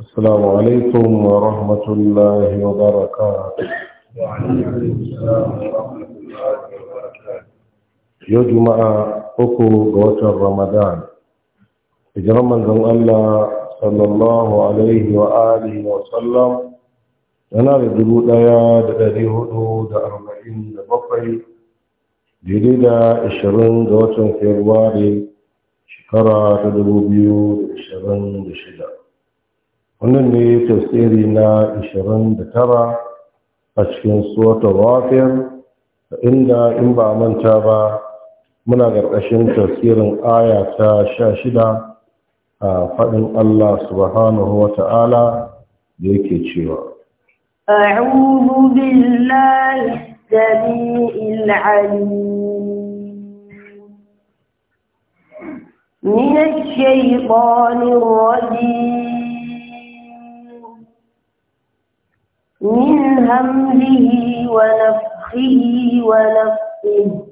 السلام عليكم ورحمة الله وبركاته وعليكم السلام ورحمة الله وبركاته yau juma'a uku ga watan ramadan hijiran manzon Allah sallallahu alaihi wa wa sallam yana da dubu ɗaya da dari hudu da arba'in da bakwai daidai da ashirin ga watan februari shekara ta dubu biyu da da shida wannan ne tafsiri na 29 a cikin suratul wafiyar, inda in ba manta ba muna ƙarƙashin tafsirin aya ta 16 a faɗin Allah subhanahu wa ta'ala da yake cewa أعوذ بالله السميع العليم من الشيطان الرجيم من همزه ونفخه ونفخه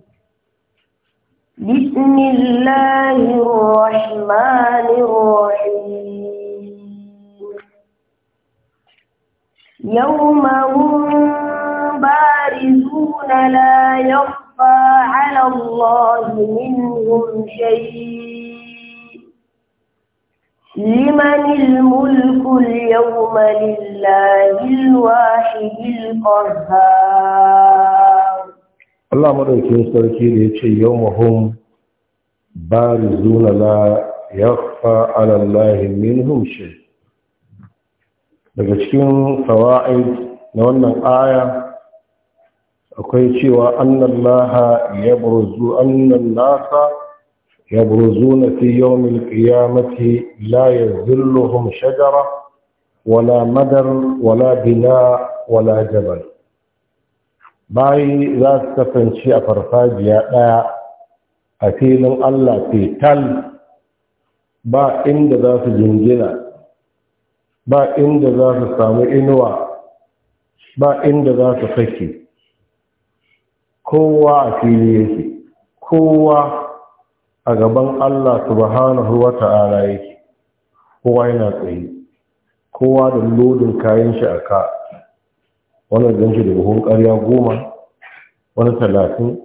بسم الله الرحمن الرحيم يوم هم بارزون لا يخفى على الله منهم شيء لمن الملك اليوم لله الواحد القهار الله مدوكين سركي ليتي يومهم بارزون لا يخفى على الله منهم شيء daga cikin fawa'id na wannan aya akwai cewa annallaha ya burzu annallasa يبرزون في يوم القيامة لا يذلهم شجرة ولا مدر ولا بناء ولا جبل bayi za su kasance a farfajiya ɗaya a filin Allah fetal ba inda za su jingina ba inda za su samu inuwa ba inda za su sake kowa a fili yake kowa a gaban Allah subhanahu wa ta'ala yake kowa yana tsaye kowa da lodin kayan shi a ka wani da buhun ƙarya goma wani talatin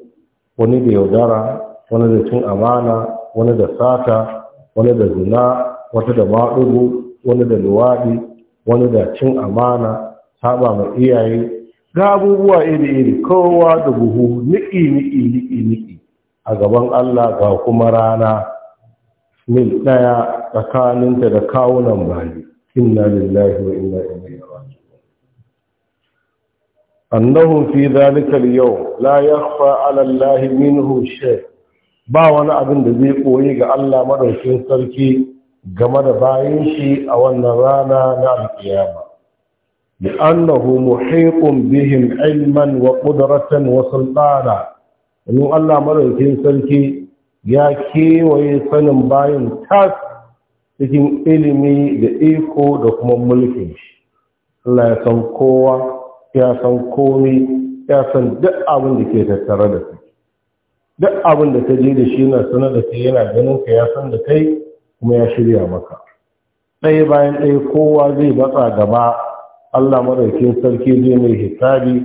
wani da yaudara wani da cin amana wani da sata wani da zina wata da maɗugu wani da luwaɗi wani da cin amana saba ma iyaye ga abubuwa iri-iri kowa da buhu niƙi niƙi niƙi niƙi a gaban Allah ga kuma rana mil ɗaya tsakaninta da kawunan bayi inna lillahi wa inna ilaihi annahu fi dhalika al-yawm la yakhfa 'ala Allah minhu shay ba wani abin da zai koyi ga Allah madaukin sarki game da bayan shi a wannan rana na alkiyama لأنه محيط بهم علما wasu وسلطانا domin Allah maraukin sarki ya kewaye sanin bayan tas cikin ilimi da iko da kuma mulkin shi Allah ya san kowa ya san komi ya san duk abin da ke tattare da su duk abin da ka je da shi yana sanar da ke yana ganin ka ya san da kai kuma ya shirya maka ɗaya bayan ɗaya kowa zai matsa gaba Allah madaukin sarki zai mai hisabi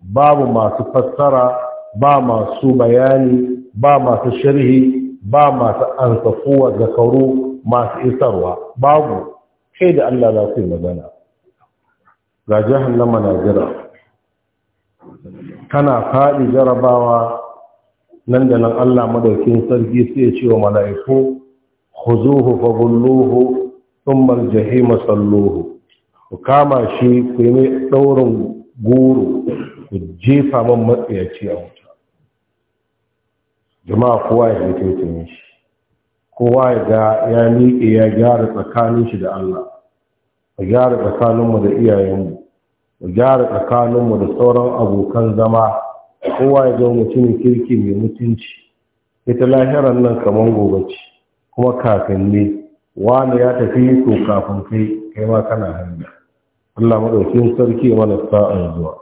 babu masu fassara ba masu bayani ba masu sharhi ba masu ansafuwa zakaru masu isarwa babu kai da Allah za su yi magana ga jihar na jira kana faɗi jarabawa nan da nan Allah madaukin sarki sai ya ce wa mala'iku khuzuhu fagulluhu thumma al-jahima salluhu ku kama shi ku yi mai daurin goro ku jefa man matsayaci a jama'a kowa ya yi shi kowa ya ga ya miƙe ya gyara tsakanin shi da Allah a gyara tsakaninmu da iyayenmu mu gyara tsakaninmu da sauran abokan zama kowa ya ga mutum kirki mai mutunci ita lahiran nan kamar gobe ce kuma kafin ne wani ya tafi to kafin kai kai ma kana hanya Allah madaukin sarki mana sa'an zuwa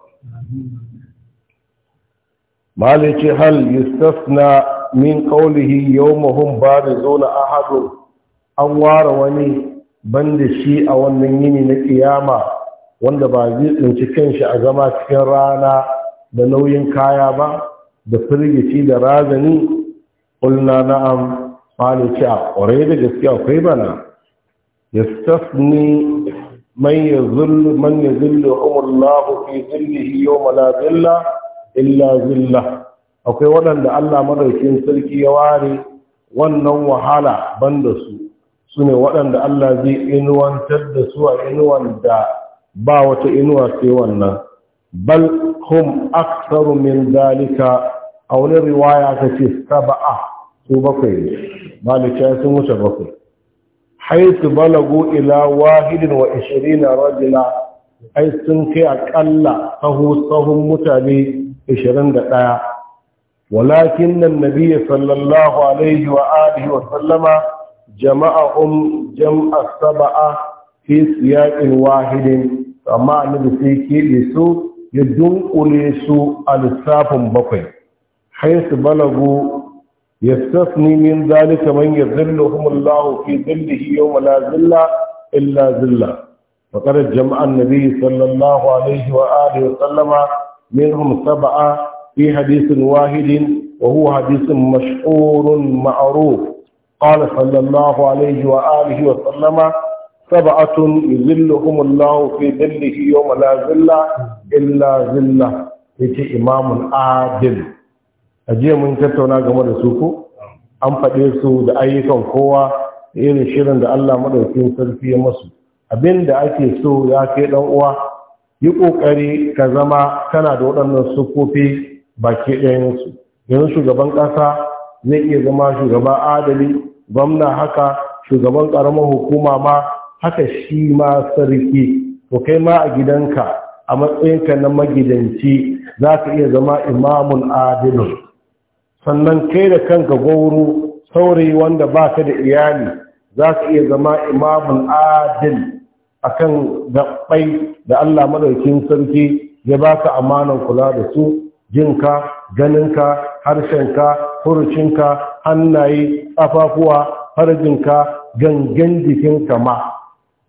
malai ce hal yustasna min qawlihi yawmahum barizun ahad an ware wani banda shi a wannan yini na kiyama wanda ba zai tsinci kanshi a zama cikin rana da nauyin kaya ba da firgici da razani ƙulna na'am malai ce a da gaske akwai bana yastasni man yazillu man yazillu umullahu fi zillihi yawma la zilla illa zilla akwai waɗanda Allah madaukin sarki ya ware wannan wahala banda su su ne waɗanda Allah zai inuwantar da su a inuwan da ba wata inuwa sai wannan bal hum aktsaru min zalika a wani riwaya ta ce saba'a su bakwai ne malika sun wuce bakwai Haisu balagu ila wahidin wa ishirina rajula ai sun kai akalla sahu sahun mutane 21 walakin nan nabiya sallallahu alaihi wa alihi wa sallama jama'ahum jam'a saba'a fi siyaqin wahidin amma annabi sai kebe su ya dunkule su a lissafin bakwai su balagu يستثني من ذلك من يذلهم الله في ذله يوم لا ذل إلا ذله فقد جمع النبي صلى الله عليه وآله وسلم منهم سبعة في حديث واحد وهو حديث مشهور معروف قال صلى الله عليه وآله وسلم سبعة يذلهم الله في ذله يوم لا ذل إلا ذله yace imamun adil a jiya mun tattauna game da su ko an faɗe su da ayyukan kowa da irin shirin da Allah madaukakin sarki ya masu abin da ake so ya kai uwa yi ƙoƙari ka zama kana da waɗannan sukofi baki ɗayansu yanzu shugaban ƙasa zai iya zama shugaba adali gwamna haka shugaban ƙaramin hukuma ma haka shi ma sarki to kai ma a gidanka a matsayinka na magidanci za ka iya zama imamun adilin sannan kai da kanka gauru saurayi wanda ba ka da iyali za ka iya zama imamun adil akan gaɓɓai da Allah madaukin sarki ya ba ka amanan kula da su jinka ganinka harshenka furucinka hannaye ƙafafuwa farjinka gangan jikinka ma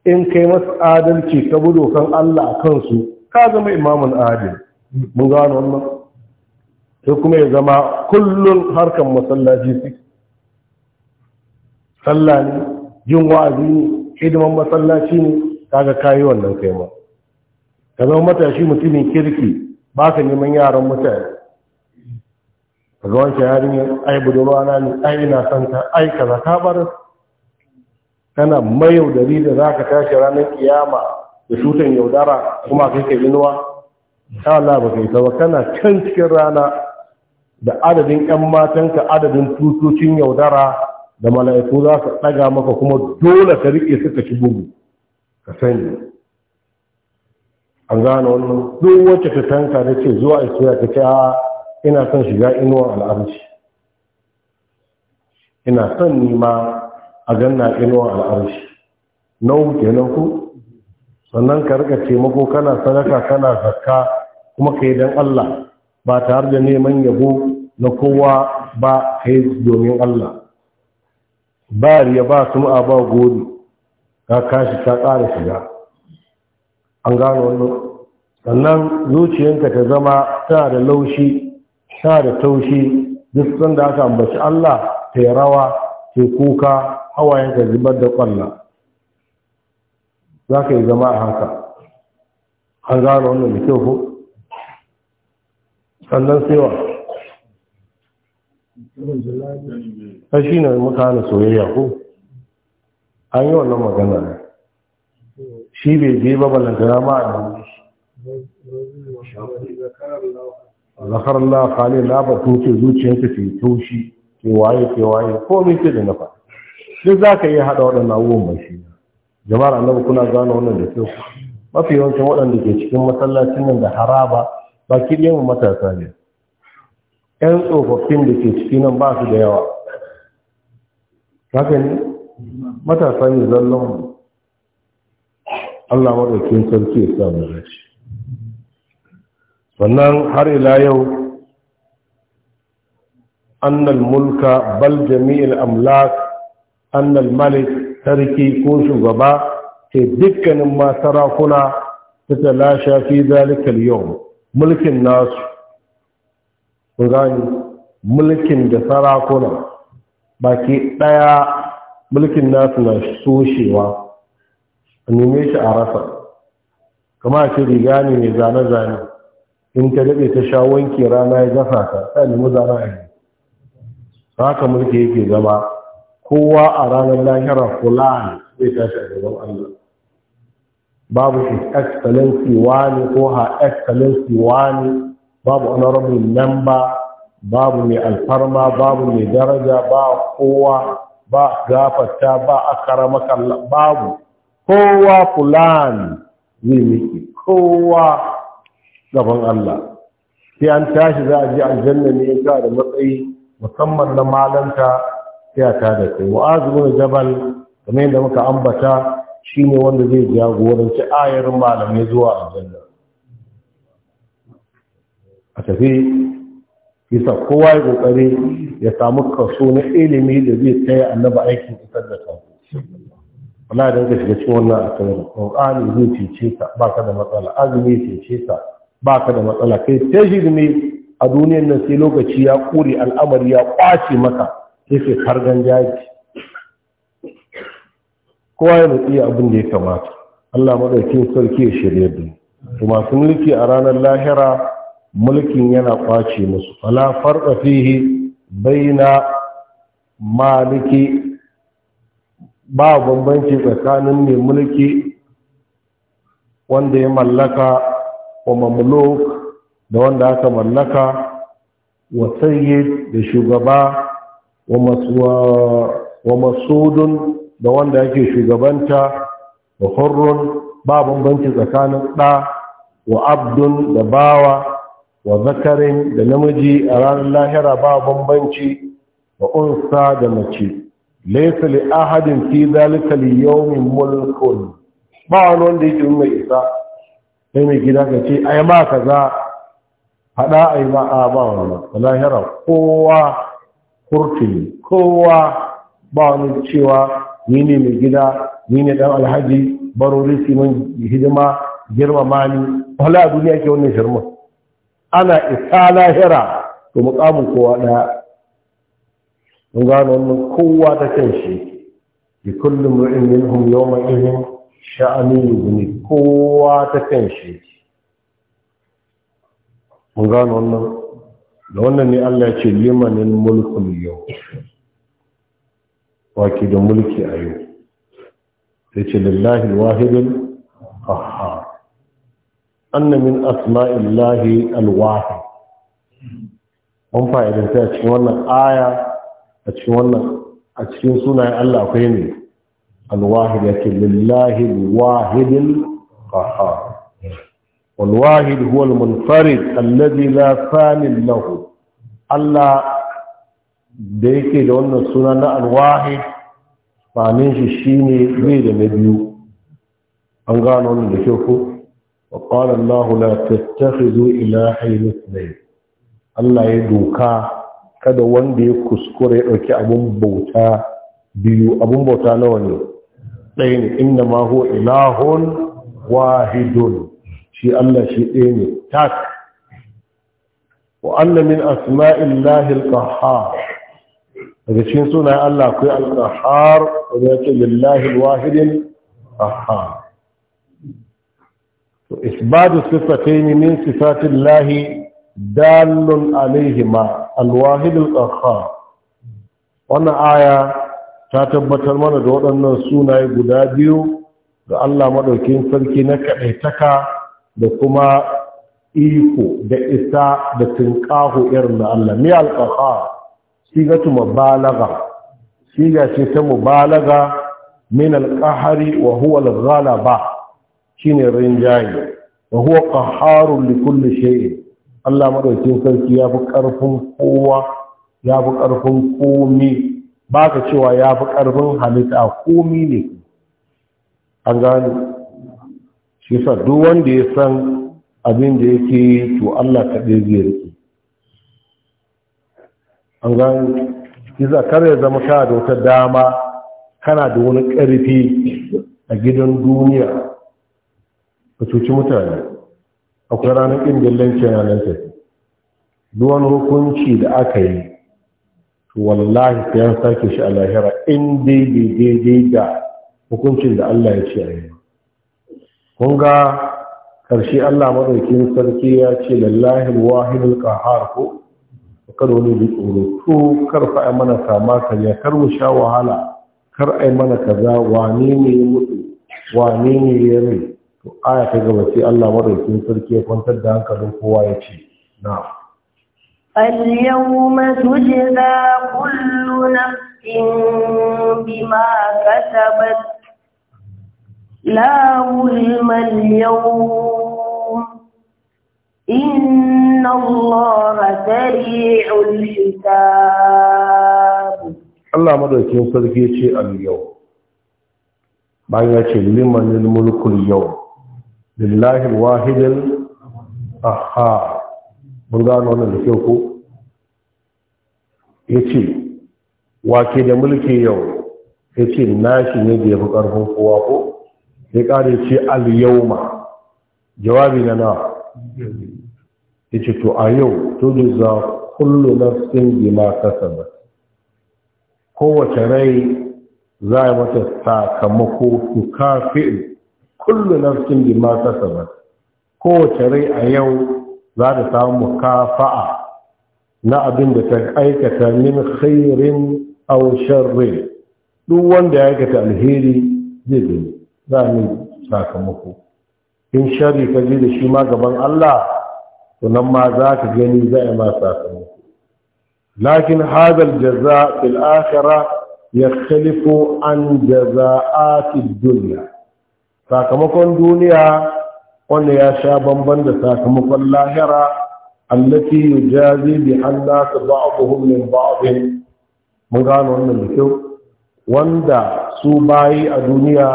in kai masu adalci ka bi kan Allah a kansu ka zama imamun adil mun gano wannan sai kuma ya zama kullun harkan masallaci su sallah jin wa'azi ne hidiman masallaci ne kaga kayi wannan kai ma ka zama matashi mutumin kirki ba ka neman yaran mutane ka ga wancan yarinyar ai budurwa na ne ai ina son ta ai kaza ka bar kana mayaudari da za ka tashi ranar kiyama da shutan yaudara kuma kai ka inuwa ta Allah ba kai ba kana can cikin rana da adadin ƴan matanka adadin tutocin yaudara da mala'iku za su ɗaga maka kuma dole ka riƙe suka ci bugu ka sani an gane wannan duk wacce ta tanka da ce zuwa isra ta ce a ina son shiga inuwa al'arci ina son nima a ganna inuwa al'arci nau na ku sannan ka rika taimako kana sadaka kana zakka kuma ka yi don Allah ba tare da neman yabo na kowa ba ka yi domin Allah ba ya ba su sum'a ba godi. ka kashi ta ƙara shiga an gano wannan sannan zuciyanka ta zama tana da laushi tana da taushi duk sanda aka ambaci Allah ta yi rawa ta kuka hawayenka zubar da ƙwalla za ka yi zama a haka an gano wannan da kyau ko sannan sewa wa ta shi ne mutane soyayya ko an yi wannan magana shi bai je ba balantana ma a nan zakar Allah khalil la ba tuce ke taushi ke waye ke waye ko ke da nafa za ka yi hada waɗannan abubuwan ba shi jama'ar nawa kuna gano wannan da kyau mafi yawancin waɗanda ke cikin masallacin nan da haraba ba ki ɗin matasa ne ƴan tsofaffin da ke ciki nan ba su da yawa haka matasa ne zallon Allah maɗaukin sarki ya sa zaci sannan har ila yau annal mulka bal jami'il amlak annal malik sarki ko shugaba ke dukkanin ma sarakuna ta talasha fi zalikal yau mulkin nasu ku mulkin da sarakuna baki ɗaya mulkin nasu na soshewa a neme shi a rasa kama a ce riga ne mai zane-zane in ta daɗe ta sha wanke rana ya gasa ta ta nemi zane a yi haka mulki yake zama kowa a ranar lahira fulani zai tashi a gaban allah babu his excellency wani ko ha excellency wani babu honorable member babu mai alfarma babu mai daraja ba kowa ba gafarta ba a akaramaka babu kowa fulan zai miki kowa gaban Allah sai an tashi za a je aljanna ne ga da matsayi musamman na malanta sai a tada kai mu'azu bin jabal kamar yadda muka ambata shine wanda zai jagoranci ayar malamai zuwa aljanna a tafi kisa kowa ya kokari ya samu kaso na ilimi da zai taya annaba aikin isar da ta wala da ga shiga cikin wannan akwai qur'ani zai cece ka da matsala azumi cece ka baka da matsala kai tashi ne a duniyar nan sai lokaci ya kure al'amari ya kwace maka sai kai kargan jaji kowa ya mutsi abin da ya kamata Allah madaukin sarki ya shirye da to masu mulki a ranar lahira mulkin yana kwace musu fala farqa fihi baina maliki ba bambanci tsakanin mai mulki wanda ya mallaka wa mamluk da wanda aka mallaka wa sayyid da shugaba wa masudun da wanda ake shugabanta wa hurrun ba bambanci tsakanin ɗa wa abdun da bawa wa zakarin da namiji a ranar lahira ba bambanci wa unsa da mace laisa li ahadin fi zalika li yawmin mulkun ba wani wanda yake mai isa sai mai gida ka ce ai ma kaza hada ai ma a ba wani lahira kowa kurti kowa ba wani cewa ni ne mai gida ni ne dan alhaji barori mun hidima girmama ni wala duniya ke wannan shirman ana isa lahira to mukamin kowa ɗaya mun gano wannan kowa ta kanshi bi kullum ru'in minhum yawma idhin sha'ani yughni kowa ta kanshi mun gano wannan da wannan ne Allah ya ce limanil mulkul yau waki da mulki ayu? Ta ce lillahi wahidin qahhar anna min asma'illahi alwahid mun fa'idanta a cikin wannan aya a cikin wannan a cikin sunayen Allah akwai ne alwahid yake lillahi alwahidil qahhar والواحد هو المنفرد الذي لا ثان له Allah da yake da wannan suna na alwahid ma'anin shi shine bai da na biyu an gano wannan da kyau ko وقال الله لا تتخذوا إلهين اثنين Allah ya doka kada wanda ya kuskure ya ɗauki abun bauta biyu abun bauta nawa ne ɗaya ne inda ma huwa ilahun wahidun shi Allah shi ɗaya ne tak wa anna min asma'illahi daga cikin sunayen Allah akwai al-qahhar wanda wahidin qahhar to isbatu sifatayn min sifatillahi dalun alaihima alwahidul qahhar wannan aya ta tabbatar mana da waɗannan sunaye guda biyu ga Allah maɗaukin sarki na kaɗaitaka da kuma iko da isa da tunƙaho irin na Allah ga alƙaha sigatu Shi siga ce ta mubalaga min alƙahari wa huwa ba. shine rinjaye wa huwa qahharun li kulli shay Allah madaukin sarki ya fi karfin kowa ya fi karfin komi ba ka cewa ya fi karfin halitta komi ne an gano shi sa duk wanda ya san abin da yake to Allah ka zai riƙe an gani iza kare zama kana da wata dama kana da wani ƙarfi a gidan duniya ka cuci mutane akwai ranar ƙin dillanci na nan tafi duwan hukunci da aka yi wallahi ta sake shi a lahira in dai daidai da hukuncin da Allah ya ce a yi kun ga ƙarshe Allah maɗaukin sarki ya ce lallahi wahin alƙahar ko kada wani bi tsoro to kar fa ai mana kama kariya kar mu sha wahala kar ai mana kaza wane ne ya mutu wane ne ya rai to aya ta gaba sai Allah madaukakin sarki ya kwantar da hankalin kowa ya ce na al yawma tujza kullu nafsin bima kasabat la ulma al yawm inna allaha sari'ul hisab Allah madaukakin sarki ya ce al yawm bayan ya ce liman mulkul yau. lillahi wahidin aha mun gano wannan da kyau ko ya ce wake da mulki yau ya ce nashi ne da ya fi ƙarfin kowa ko ya ƙare ce al-yauma jawabi na na ya ce to a yau to za kullu nafsin bima kasabat kowace rai za a mata sakamako su kafi'in kullu nafsin bima kasabat kowace rai a yau za ta samu kafa'a na abin da ta aikata min khairin aw rai, duk wanda ya aikata alheri zai gani za mu sakamako in sharri ka je da shi ma gaban Allah to nan ma za ka gani za ma sakamako lakin hadha jaza fil akhirah yakhtalifu an jazaa'ati ad-dunya sakamakon duniya wanda ya sha bamban da sakamakon lahira allati yujazi bi annas ba'dhum min ba'd mun gano wannan da kyau wanda su bayi a duniya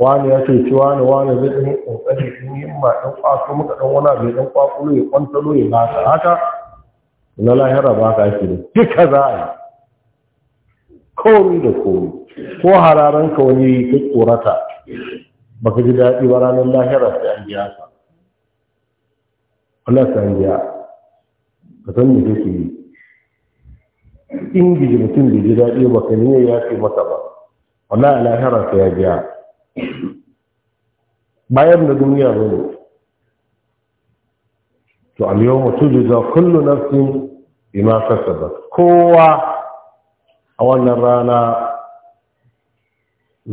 wani ya ce cewa ne wani zai ɗan ƙoƙari in yin ma ɗan kwaso muka ɗan wani abu ɗan ƙwaƙulo ya kwantalo ya baka haka na lahira ba ka ake duka za a yi komi da komi ko hararan ka wani ka tsorata baka ji daɗi ba ranar lahira sai an biya ka Allah sai an biya ka san me kake yi in gidi mutum bai ji daɗi ba ka ne ya ce masa ba wallahi lahira sai ya biya bayan da duniya ba ne to mutum yawma za kullu nafsin bima kasabat kowa a wannan rana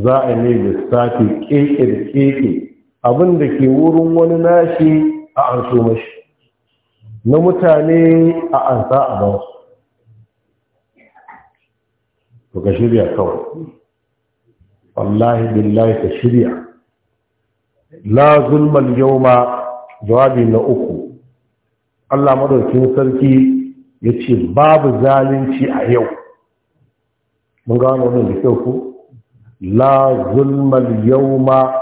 za a mai lissafi keke da keke abin da ke wurin wani nashi a an so mashi na mutane a an sa a ba su to ka shirya kawai wallahi billahi ka shirya la zulmal ma jawabi na uku Allah madaukin sarki ya ce babu zalunci a yau mun gano wannan da kyau ko la zulmal yawma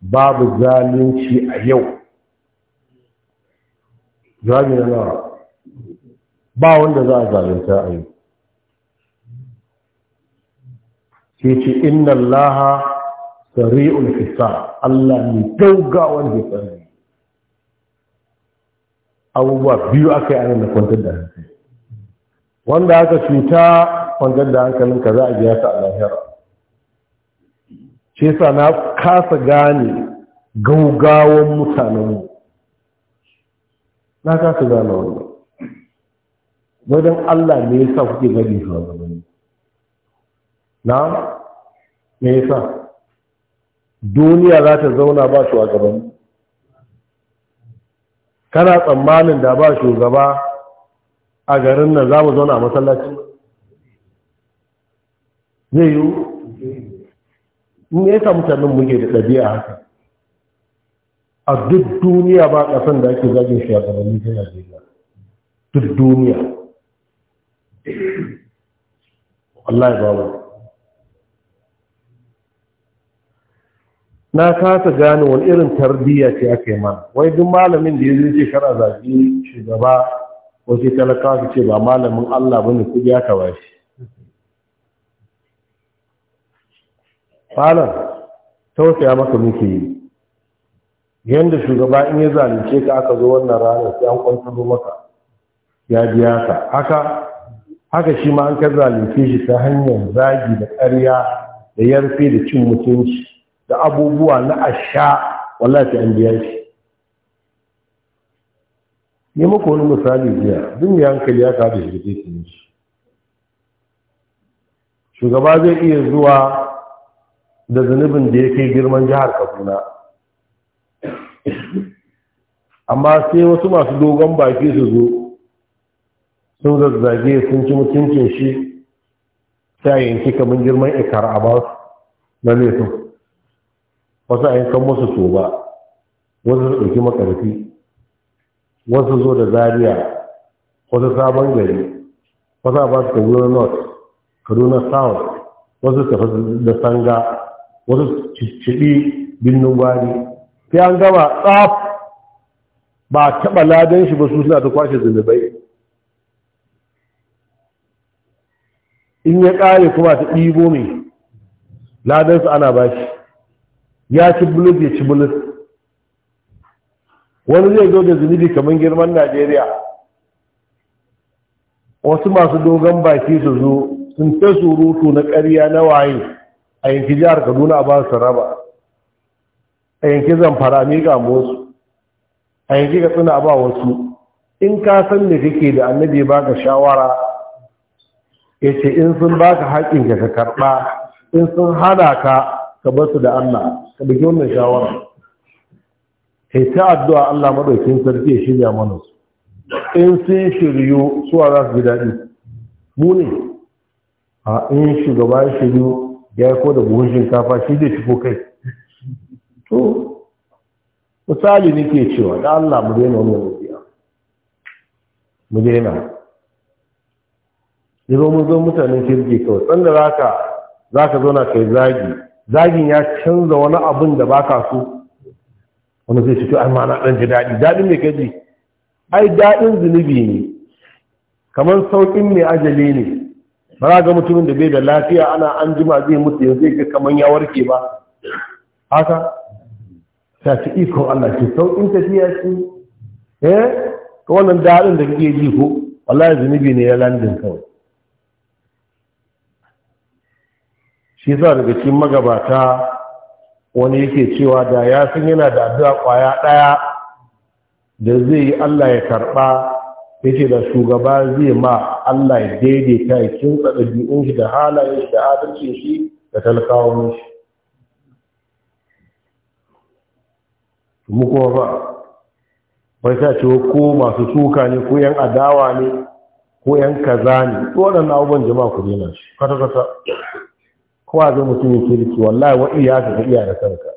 babu zalunci a yau zami na nawa ba wanda za a zalunta a yau Ke ce inna Laha, sari'ul hisab Allah ne gaugawan hisab abubuwa biyu aka yi anan da kwantar da hankali wanda aka cuta kwantar da hankalinka za a biya ta a lahira shi yasa na kasa gane gaugawan mutanenmu na kasa gane wannan wajen Allah ne yasa kuke gani shugabanni na me yasa duniya za ta zauna ba gaban kana tsammanin da ba shugaba a garin nan za mu zauna a masallaci zai yiwu me yasa mutanen muke da ɗabi'a haka a duk duniya ba ƙasan da ake zagin shugabanni ta Najeriya duk duniya ya bawa. na kasa gane wani irin tarbiyya ce ake mana wai duk malamin da ya zai ce kara zaɓi shugaba wasu talakawa ce ba malamin Allah bane kudi aka bashi falon tausaya maka muke yi yadda shugaba in ya zalunce ka aka zo wannan ranar sai an kwantaro maka ya biya ka haka haka shi ma an ka zalunce shi ta hanyar zagi da ƙarya da yarfe da cin mutunci da abubuwa na asha wallahi an biya shi ne maka wani misali jiya duk mai hankali ya kada shi da shi shugaba zai iya zuwa da zunubin da ya kai girman jihar kaduna amma sai wasu masu dogon baki su zo sun zazzage sun ci mutuncin shi sai yanki kamar girman ikar a ba su na leto wasu a yankan musu ba wasu su ɗauki makarfi wasu zo da zariya wasu sabon gari wasu a ba su kaduna north kaduna south wasu tafi da sanga wasu cicciɗi binnin gwari sai an gama tsaf ba taɓa ladan shi ba su suna ta kwashe zunubai in ya ƙare kuma ta ɗibo mai ladansu ana ba shi ya ci bulus ya ci bulus wani zai zo da zunubi kamar girman najeriya wasu masu dogon baki su zo sun ta surutu na ƙarya na waye a yanki jihar kaduna a ba su raba a yanki zamfara miƙa musu a yanki katsina ba wasu in ka san da kake da annabi ka shawara ya ce in sun baka haƙin ka karɓa in sun hada ka ka basu da Allah ka bugi wannan shawara kai ta addu'a Allah maɗaukin sarki ya shirya mana su in sun shiryu suwa za su ji daɗi mu ne a in shugaba shiryu ya ko da buhun shinkafa shi zai ko kai to misali nake cewa da Allah mu daina wani wani biya mu daina yanzu mun zo mutanen kirki kawai tsanda za ka za ka zauna kai zagi zagin ya canza wani abin da baka su. wani zai fito ai dan ji daɗi daɗin mai kaji ai daɗin zunubi ne kamar sauƙin mai ajali ne ba ga mutumin da bai da lafiya ana an jima zai mutu yanzu ga kaman ya warke ba haka ta ci ikon Allah ce sauƙin tafiya ce eh ko wannan daɗin da kake ji ko wallahi zunubi ne ya landin kawai shi yasa daga cikin magabata wani yake cewa da ya san yana da addu'a kwaya ɗaya da zai yi Allah ya karɓa ya ce da shugaba zai ma Allah ya daidaita ya kinsa biyun shi da halayen shi da adalcin shi da talakawan shi mu ba bai sa ce ko masu suka ne ko yan adawa ne ko yan kaza ne ko na abubuwan jama'a ku daina shi kwata-kwata kowa zai mutum ya kirki wallahi wa iya ga iya da kanka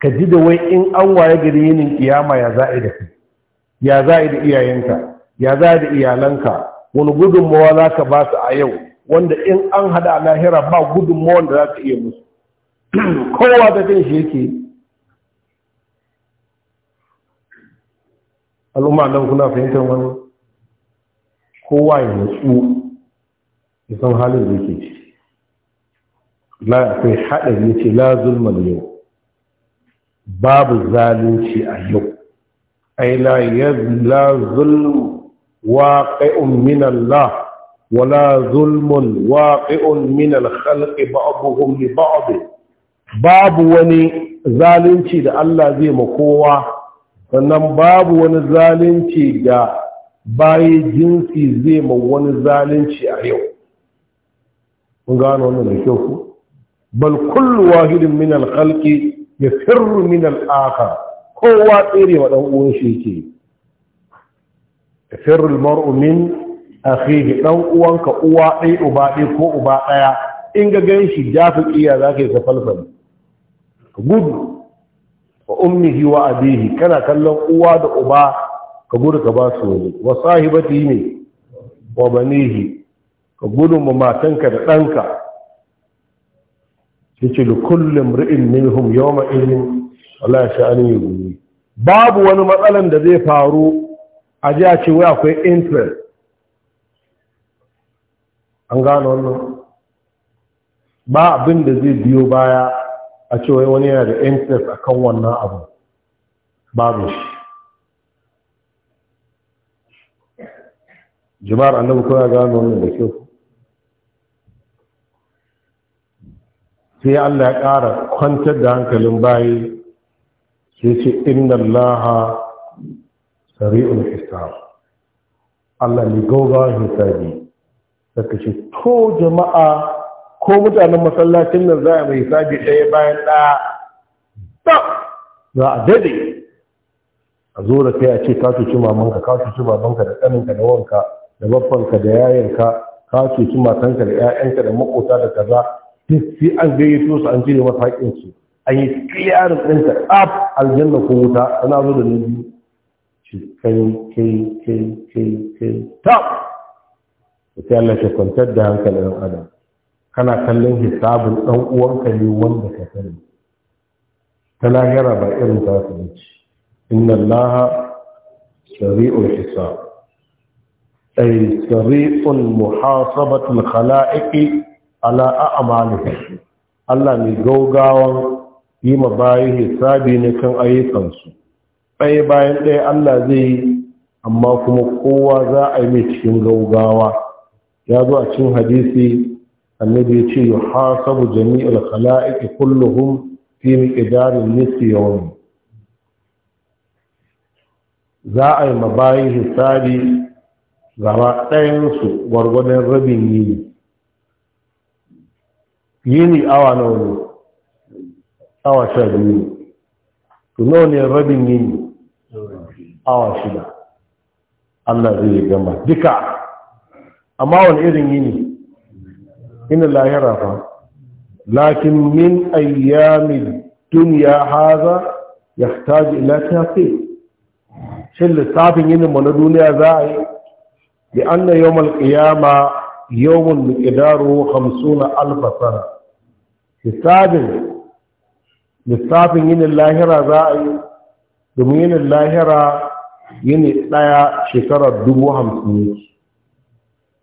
ka ji da wai in an waye gari yinin kiyama ya za'i da kai ya za'i da iyayenka ya za da iyalanka wani gudunmawa za ka ba su a yau wanda in an hada a lahira ba gudunmawa da za ka iya musu kowa da kan shi yake al'umma don kuna fahimtar wani kowa ya nutsu ya san halin da yake ce la akwai haɗari ya ce la zulman yau babu zalunci a yau ai la zulm واقع من الله ولا ظلم واقع من الخلق بعضهم لبعض babu wani zalunci da Allah zai ma kowa sannan babu wani zalunci da bayi jinsi zai ma wani zalunci a yau kun gano wani da kyau ku bal kullu wahidin min al-khalqi yafirru min al-akhar kowa tsere wa dan uwan shi yake firul mar'u min akhihi dan uwanka uwa ɗai uba ɗai ko uba ɗaya in ga gan shi jafiqiya zaka yi safalfal ka gudu wa ummihi wa abihi kana kallon uwa da uba ka gudu ka ba su wani wa sahibati ne wa banihi ka gudu ma matanka da danka. sai ce kullum ri'in minhum yawma idin Allah ya sha'ani ya gudu babu wani matsalan da zai faru a ji a ce akwai interest an gano wannan ba abin da zai biyo baya a ce wai wani yana da interest kan wannan abu babu shi jima'ar annabi kuma gano wannan da kyau sai Allah ya ƙara kwantar da hankalin bayi sai ce inna allaha ul hisab Allah ne gaugawa hisabi saka ce to jama'a ko mutanen masallacin nan za a mai hisabi ɗaya bayan ɗaya za a dade a zo da kai a ce ka cuci mamanka ka cuci babanka da ɗaninka da wanka da babbanka da yayanka ka cuci matanka da 'ya'yanka da makota da kaza duk sai an gayyato su an cire masa haƙƙinsu an yi kiliyarin ɗinka tsaf aljanna ko wuta ana zo da na biyu ci kai kai kai kai kai ta sai Allah ya kwantar da hankalin adam kana kallon hisabun ɗan uwanka ne wanda ka sani ta lahira ba irin ta su ne inna Allah shari'ul hisab ay shari'ul muhasabatul khala'iqi ala a'malihi Allah mai gaugawan yi ma bayi hisabi ne kan ayyukansu ɗaya bayan ɗaya Allah zai yi amma kuma kowa za a yi mai cikin gaugawa ya zo a cikin hadisi annabi ya ce yuhasabu jami'ul khala'iq kulluhum fi miqdarin nisi yawon. za a yi mabayin hisabi gaba ɗayansu gwargwadon rabin yini yini awa nawa awa sha biyu to nawa ne rabin yini awa shida Allah zai gama duka amma wani irin yini ina lahira fa lakin min ayyamin duniya haza ya taji ila tafi shin lissafin yinin mu na duniya za a yi bi anna yawmal qiyama yawmun miqdaru 50 alf sana hisabin lissafin yinin lahira za a yi domin yinin lahira yini ɗaya shekarar dubu hamsin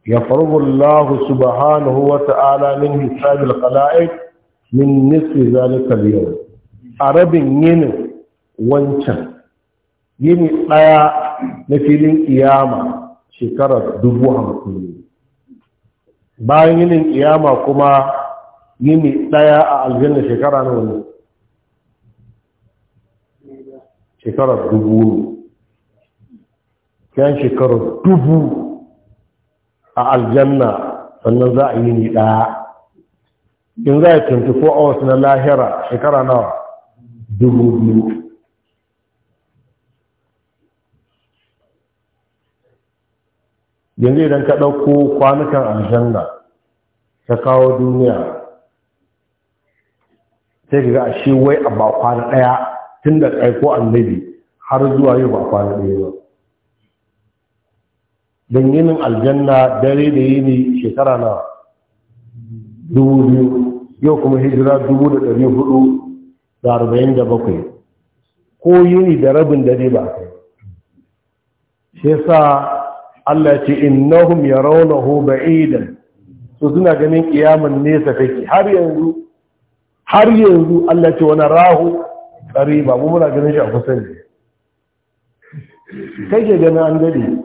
ya farbu Allah subhanahu wa ta'ala min hisabil qala'id min nisfi zalika al a rabin yini wancan yini ɗaya na filin kiyama shekarar dubu hamsin bayan yini kiyama kuma yini ɗaya a aljanna shekara nawa ne shekarar dubu ne yan shekaru dubu a aljanna sannan za a yi ni ɗaya in za a 24 hours na lahira shekara nawa dubu biyu yanzu idan ka ɗauko kwanukan aljanna ta kawo duniya sai ga ashe wai a ba kwana ɗaya tun da ƙaiko annabi har zuwa yau ba kwana ɗaya ba don yinin aljanna dare da yini shekara na dubu biyu yau kuma hijira dubu da ɗari hudu da arba'in da bakwai ko ne da rabin dare ba kai shi sa Allah ce innahum yarawnahu ba'idan su suna ganin kiyaman nesa kake har yanzu har yanzu Allah ce wani rahu ƙari ba mu muna ganin shi a kusan ne kai ke ganin an gari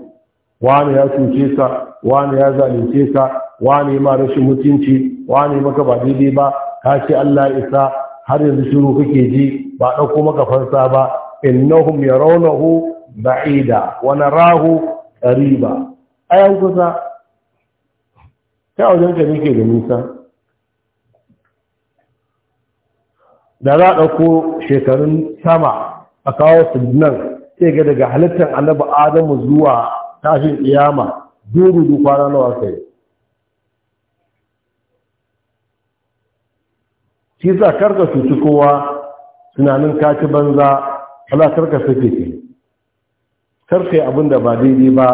wani ya cuce ka wani ya zalunce ka wani ma rashin mutunci wani maka ba daidai ba ka ce Allah isa har yanzu shiru kake ji ba ɗauko maka fansa ba innahum yarawnahu ba'ida wa narahu qariba ayan kusa ta wajen ka nake da nisa da za a ɗauko shekarun sama a kawo su nan sai ga daga halittar annabi adamu zuwa iyama iyama durudu kwana nawa kai shi sa karka cuci kowa tunanin kaci banza ala karka suke ce karka abin da ba daidai ba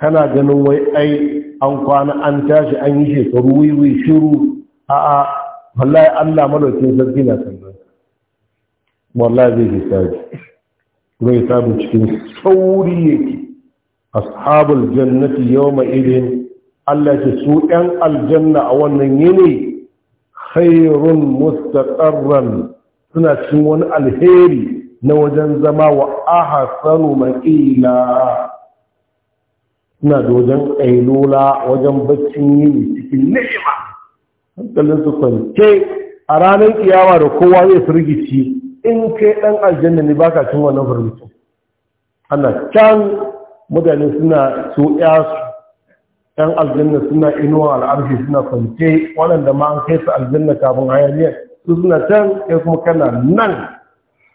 kana ganin wai ai an kwana an tashi an yi shekaru wiwi shiru a'a wallahi Allah malaukin sarki na sannan wallahi zai hisabi kuma cikin sauri yake ashabul jannati yawma idin Allah ke su 'yan aljanna a wannan yini khairun mustaqarran suna cikin wani alheri na wajen zama wa ahsanu maqila suna da wajen ƙailula wajen baccin yini cikin ni'ima hankalin su kwance a ranar kiyawa da kowa zai firgici in kai ɗan aljanna ne baka cin wannan firgicin ana can mutane suna su ɗan aljanna suna inuwa al'arshi suna kwanke waɗanda ma an kai su aljanna kafin hayaniyar su suna can ya kuma kana nan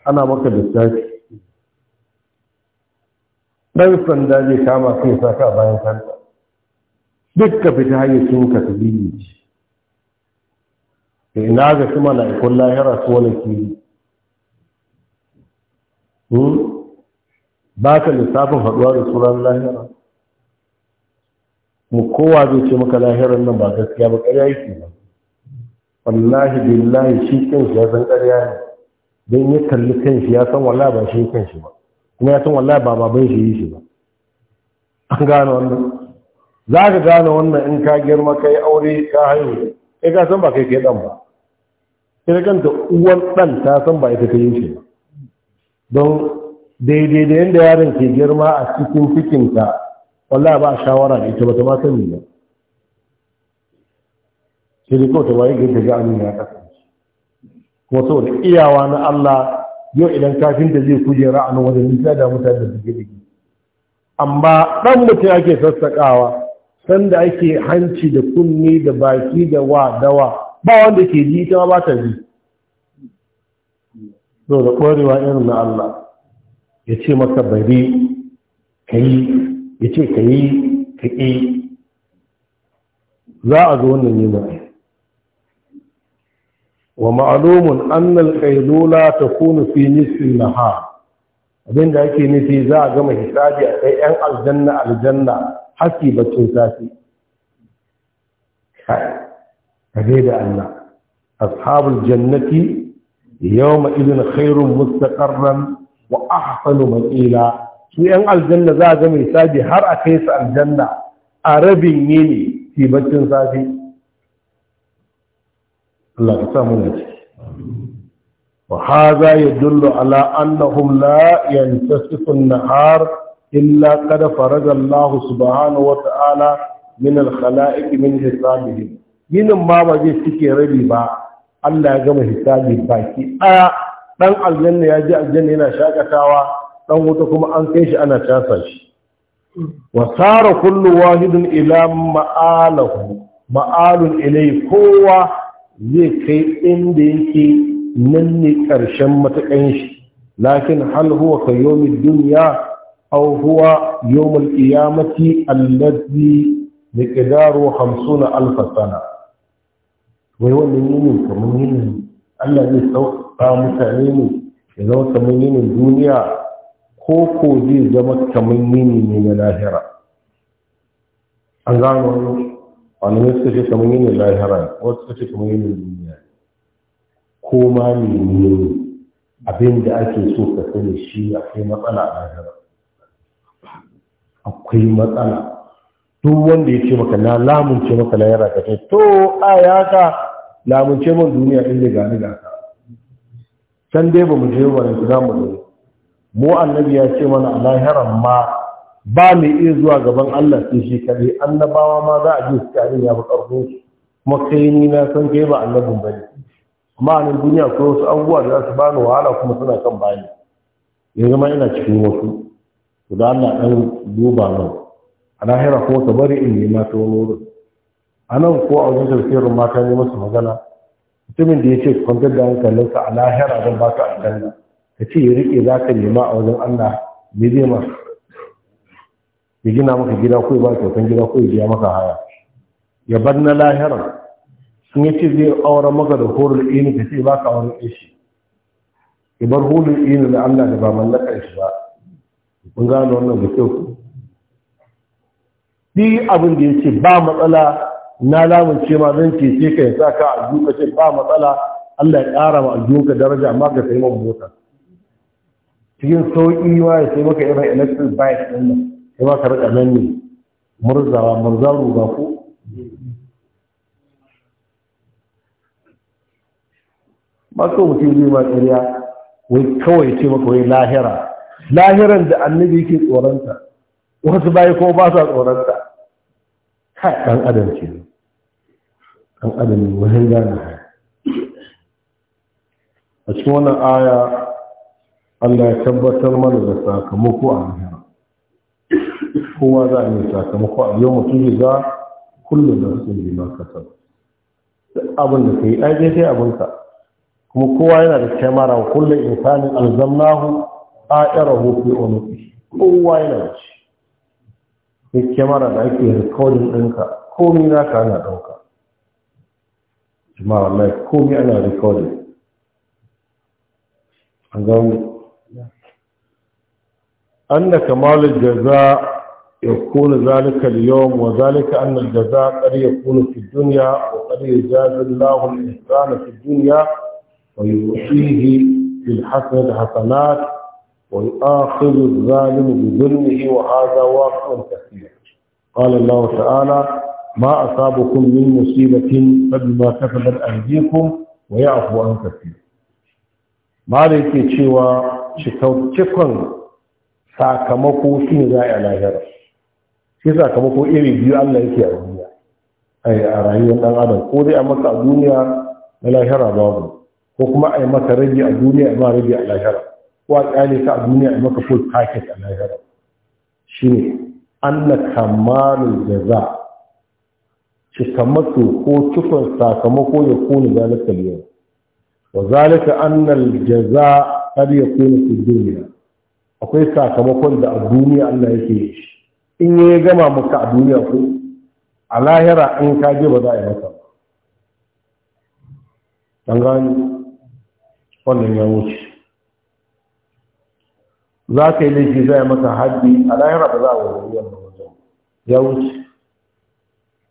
ana maka lissafi ɗan sanda zai kama kai saka bayan kanta duk ka fita hanyar sun ka biyu. da ina ga su mala'ikun lahira su wani kiri ba ka lissafin haɗuwa da sunan lahira mu kowa zai ce maka lahiran nan ba gaskiya ba ƙarya yake ba wallahi billahi shi kanshi ya san ƙarya ne don ya kalli kanshi ya san wallahi ba shi kanshi ba kuma ya san wallahi ba baban shi yi shi ba an gano wannan za ka gano wannan in ka girma ka yi aure ka haihu kai ka san ba kai kai ɗan ba ita kanta uwan ɗan ta san ba ita ta yi shi ba don daidai da yadda yaron ke girma a cikin cikinta wallah ba shawara da ita bata ma sani ba sai dai kawai ta waye ga ga amina ya kasance kuma saboda iyawa na Allah yau idan kafin da zai kujera a wajen nisa da mutane da suke dake amma dan mutum ake sassaƙawa sanda ake hanci da kunni da baki da wa dawa ba wanda ke ji ita ba ta ji so da ƙwarewa irin na Allah ya ce maka bari ka yi ya ce ka yi ka ƙi za a zo wannan yi ba wa ma'alumun annal qailola takunu fi nisfi nahar abin da ake nufi za a gama hisabi a kai yan aljanna aljanna haski baccin safi kare da Allah ashabul jannati yawma idin khairun mustaqarran wa ahsanu maqila su yan aljanna za ga mai sabi har a kai su aljanna a rabin yini fi baccin safi Allah ka samu na ciki wa hadha yadullu ala annahum la yantasifu an-nahar illa qad faraja Allah subhanahu wa ta'ala min al-khala'iq min hisabihim yinin ma ba zai cike rabi ba Allah ya gama hisabi baki ɗaya dan aljanna ya ji aljanna yana shakatawa ɗan wuta kuma an kai shi ana tasa shi wasara kullu wahidin ila ma'alahu ma'alun ilai kowa zai kai inda yake nan ne ƙarshen matakan shi lakin hal huwa ka yomi duniya, aw huwa yawmul qiyamati allazi miqdaru 50000 sana wai wannan kamar Allah sauka taimaka mutane ne ya zama kamar yinin duniya ko ko zai zama kamar yini ne na lahira an gano wani wani suka ce kamar yinin lahira wasu suka ce kamar yinin duniya ko ma ne ne abin da ake so ka sani shi akwai matsala a lahira akwai matsala duk wanda ya ce maka na lamunce maka lahira ka ce to a yaka lamunce mun duniya inda gani gasa can dai ba mu je ba yanzu za mu ne mu annabi ya ce mana a lahiran ma ba mu iya zuwa gaban Allah sai shi kaɗai annabawa ma za a je su tare ya fi ƙarfin kuma kai ni na san kai ba annabin ba amma a nan duniya akwai wasu abubuwa da za su bani wahala kuma suna kan bani ya zama ina cikin wasu to da Allah ɗan duba nan a lahira kuma ka bari in nema ta wani wurin a ko a wajen tafsirin mata ne masu magana mutumin da ya ce kwantar da hankalinsa a lahira don ba ka aljanna ka ce ya riƙe za ka nema a wajen allah me zai ma ya gina maka gida ko ya ba kyautan gida ko ya biya maka haya ya bar na lahira sun yace zai aure maka da horul ini ka ce ba ka auren ishi ya bar horar ini da allah da ba mallakar shi ba Mun gano wannan da kyau duk abin da ya ce ba matsala na lamun ce ma zan cece ka ya sa ka a duka ce ba matsala Allah ya ƙara ma aljuka daraja amma ka sai man mota cikin sauƙi ma ya sai maka irin electric bike din nan sai ma ka rika nan ne murzawa murzaru ba ko ba ko mutum zai ma ƙarya wai kawai ce maka wai lahira lahiran da annabi yake tsoronta wasu bai kuma ba sa tsoronta kai ɗan adam ce ɗan adam wajen gane a cikin wannan aya Allah ya tabbatar mana da sakamako a lahira kowa za a yi sakamako a yau mutum za kullum da su bi ma kasar duk abin da ka yi ai daidai abinka kuma kowa yana da kyamara wa kullum insanin alzamnahu a ƙara hofi onuki kowa yana da shi ne kyamara da ake rikodin ɗinka komi na ka ana ɗauka amma wallahi komai ana recording an أن كمال الجزاء يكون ذلك اليوم وذلك أن الجزاء قد يكون في الدنيا وقد يجازي الله الإحسان في الدنيا ويعطيه في الحسنة حسنات ويؤاخذ الظالم بظلمه وهذا واقع كثير قال الله تعالى ما أصابكم من مصيبة فبما كسبت أيديكم ويعفو عن كثير ما لك شيوا cikakken sakamako shi ne za a lahira shi sakamako iri biyu Allah yake a duniya a rayuwar ɗan adam ko dai a maka a duniya na lahira babu ko kuma a yi maka rage a duniya ma rage a lahira ko a ƙyale ka a duniya a maka full package a lahira shi ne an na da za cikamatu ko cikin sakamako ya kone zalika liyan wa zalika annal jaza har ya kone su duniya akwai sakamakon da a duniya Allah yake yi shi in ya gama maka a duniya ko a lahira an kaje ba za a yi maka ba an gani wannan ya wuce za ka yi laifi za a yi maka haddi a lahira ba za a wuce wannan ya wuce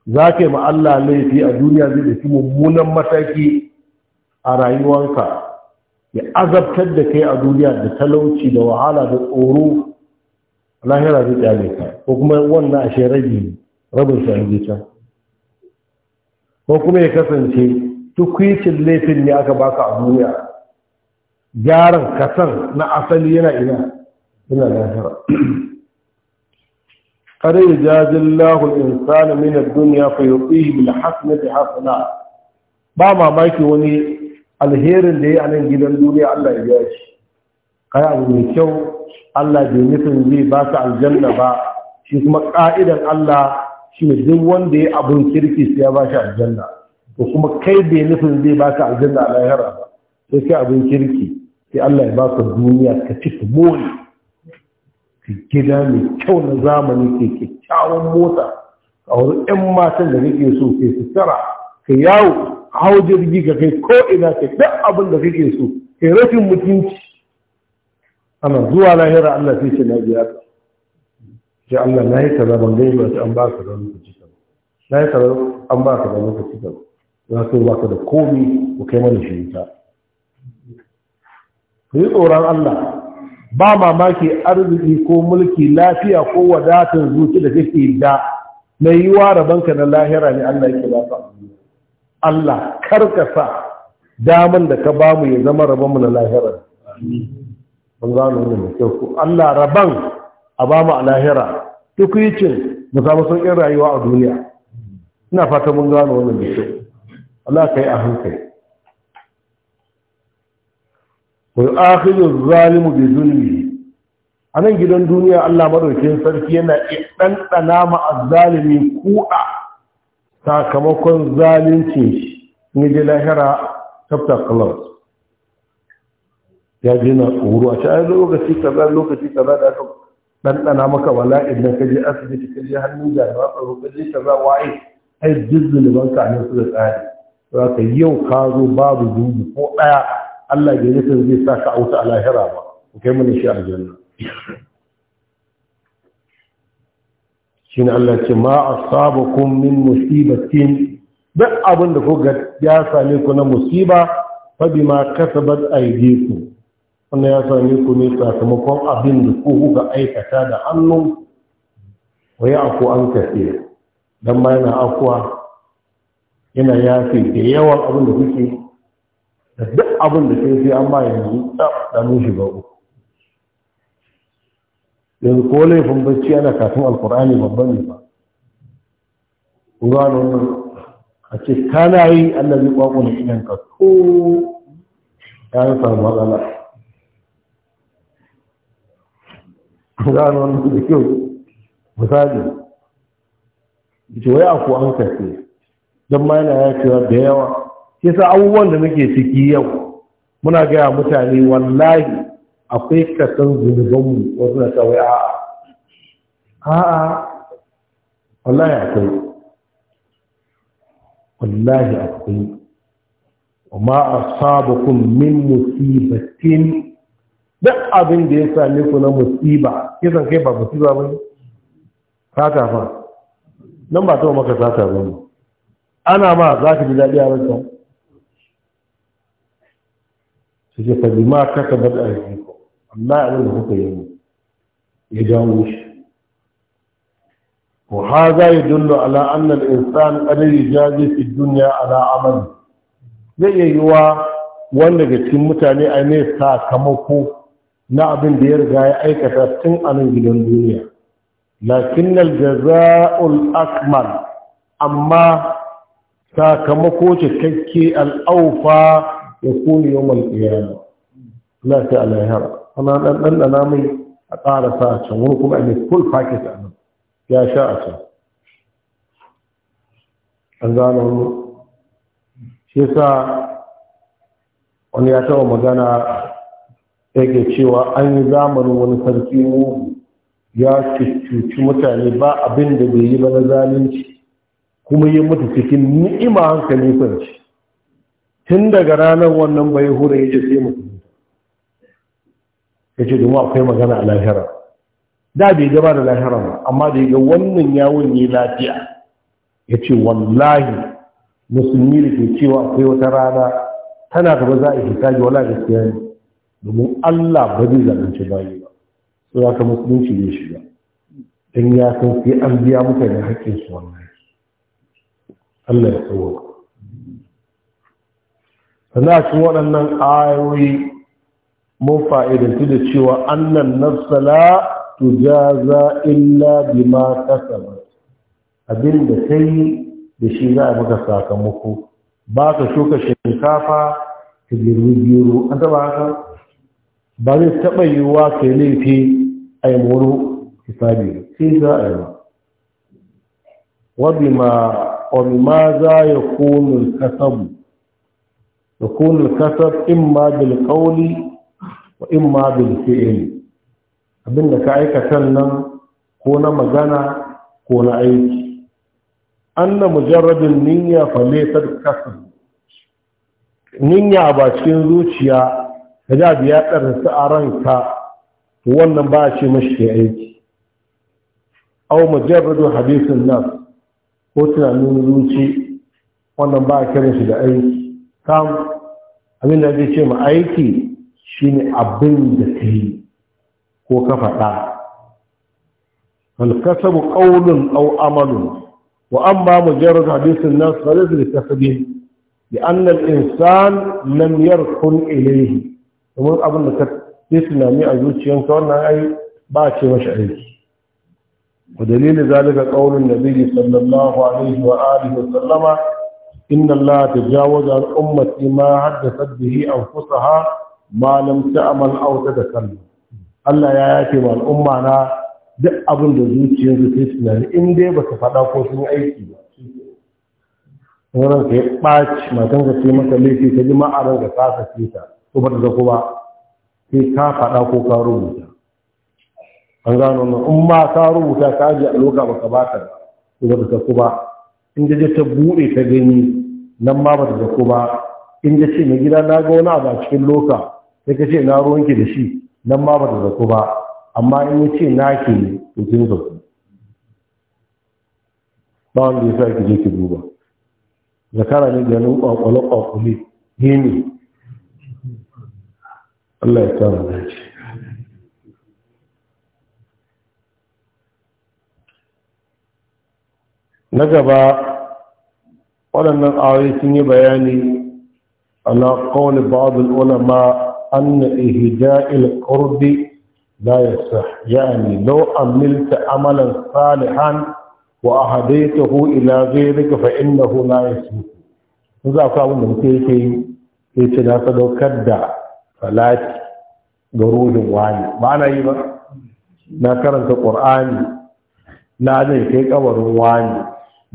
za ka yi ma laifi a duniya zai ɗauki mummunan mataki a rayuwanka ya azabtar da kai a duniya da talauci da wahala da tsoro lahira zai tsale ka ko kuma wannan ashe rage rabin shi can ko kuma ya kasance tukwicin laifin ne aka baka a duniya gyaran kasan na asali yana ina yana lahira قد يجازي الله الإنسان من الدنيا فيعطيه da Hassana. ba mamaki wani alherin da ya anan gidan duniya Allah ya biya shi kai abu mai kyau Allah bai nufin zai ba su aljanna ba shi kuma ka'idan Allah shi ne duk wanda ya abin kirki sai ya ba shi aljanna Ko kuma kai bai nufin zai ba su aljanna a lahira ba sai kai abin kirki sai Allah ya ba duniya ka ci ka gida mai kyau na zamani ke kyakkyawan mota a wurin 'yan matan da kake so ke tara ka yawo hau jirgi ka kai ko ina ka duk abin da kake so ka rashin mutunci ana zuwa lahira Allah sai ce na biya ka ce Allah na yi kaza ban gani ba an ba ka da lokaci ka na yi kaza an ba ka da lokaci ka za ka ba ka da komi ku kai mana shi ku yi tsoron Allah ba mamaki arziki ko mulki lafiya ko wadatar zuci da kake da mai yiwa rabanka na lahira ne Allah yake ba Allah karkasa daman da ka bamu ya zama rabanmu na lahira mun gano ne mai kyau Allah raban a mu a lahira cin, mu samu sauƙin rayuwa a duniya ina fata mun gano wannan mai kyau Allah ka yi a hankali wa yu'akhidhu zalimu bi zulmihi a nan gidan duniya Allah madaukin sarki yana ɗanɗana ma azzalimi ku'a sakamakon zalincin shi ne ji lahira chapter close ya ji na tsoro a cikin lokaci kaza lokaci kaza da aka ɗanɗana maka bala'in idan ka je asibiti ka je hannun jami'a tsaro ka je za waye ai jizzulin banka ne su da tsari za ka yau ka zo babu zubi ko ɗaya Allah bai nufin zai sa ka auta a lahira ba ku kai mana shi aljanna shi ne Allah ce ma kun min musibatin duk abin da kuka ya same ku na musiba fa a yi aydikum wannan ya same ku ne sakamakon abin da ku kuka aikata da hannu Wai ya aku an kafe Don ma yana akwa yana yafi da yawan abin da kuke da duk abin da sai sai an ma yanzu da nushi ba uku yanzu ko laifin bacci ana kafin alkur'ani babban ne ba ku gano wannan a ce kana yi allah zai kwakwa da idan ka ko ya yi samu matsala ku gano wannan da kyau misali ce wai aku an kafe don ma yana yakewa da yawa kisa abubuwan da muke ciki yau muna gaya mutane wallahi akwai kasan zunubanmu wasu na tawai a'a a'a wallahi akwai wallahi akwai amma kun min musibatin duk abin da ya sami ku na musiba kisan kai ba musiba bane sata ba, nan ba ta maka sata bane ana ma za ka ji daɗi a rikon yake fa bima kasabat aydikum amma abin da kuka yi ya jawo shi وهذا يدل على أن الإنسان قد يجازي في الدنيا على عمله zai iya yi wa wanda ga cikin mutane a ne sakamako na abin da ya riga ya aikata tun a nan gidan duniya lakin aljaza'ul akmal amma sakamako cikakke al'aufa ya kuni yau malƙiyama na ta alayhara ana ɗan ɗanɗana mai a ƙarasa a can wani kuma a mai full packet a nan ya sha a can an gano wani shi sa wani ya taɓa magana yake cewa an yi zamanin wani sarki mu ya cuci mutane ba abin da bai yi ba na zalunci kuma ya mutu cikin ni'ima hankali kwanci tun daga ranar wannan bai hura ya ce sai musulmi ya ce domin akwai magana a lahira da bai gaba da lahira ba amma da ga wannan yawon ne lafiya ya ce wallahi musulmi da ke cewa akwai wata rana tana gaba za a hisabi wala gaskiya ne domin Allah ba zai zalunci bayi ba sai ka musulunci ne shiga dan ya san sai an biya mutane haƙƙinsu su wannan Allah ya tsawo a cikin waɗannan ayoyi mun fa'idantu da cewa annan ja-za illa bima ba, abin da yi da shi za a maka sakamako ba ka shuka shinkafa ta girbi gero an taba haka ba zai taɓa yiwuwa ka yi laifi a yi moro hisabi sai za a yi ba wabi ma za ya komin kasabu يكون الكسر إما بالقول وإما بالفعل abin ka aikatan nan ko na magana ko na aiki anna mujarradin niyya fa laysat kasb niyya ba cikin zuciya da da biya tsarsa a ranka to wannan ba shi mashi aiki aw mujarradu hadisin nas ko tunanin zuci wannan ba kiran shi da aiki Kam, abin da zai ce ma aiki shi ne abin da ta yi ko ka faɗa alkasabu ƙaunin au amalun wa an ba mu jarar hadisun nan su da kasabi da annal insan yar kun ilaihi domin abin da ka yi tunani a zuciyanka wannan ai ba ce mashi aiki ودليل ذلك قول النبي صلى الله عليه وآله وسلم إن الله تجاوز عن أمتي ما حدثت به أنفسها ما لم تعمل أو تتكلم Allah ya yafe wa al'umma na duk abin da zuciyar su ta tunani in dai ba su faɗa ko sun aiki ba. Wurin ka yi ɓaci matan ka ce maka laifi ta ji ma'aran ka kasa ce ta ko ba ta zaku ba sai ka faɗa ko ka rubuta. An gano na in ma ka rubuta ka ji a loka ba ka ba ta ba ko ba ta zaku ba. In da ta buɗe ta gani nan ma ba ta dako ba in ta ce mai gida na ga wani abu a cikin loka sai ka ce na ruwanki da shi nan ma ba ta dako ba amma in ya ce na ke ne to kin zaku ba wanda ya sa ki je ki duba zakara ne da nan kwakwalo kwakwale ne ne Allah ya kama shi na gaba waɗannan ayoyi sun yi bayani ala qawli ba'd ulama anna ihda'il qurbi la yasah yani law amilta amalan salihan wa ahadaytahu ila ghayrika fa innahu la yasah za ka abin da yake yi sai ce na sadaukar da salati ga ruhin wani ba na yi ba na karanta ƙur'ani na zai kai kabarin wani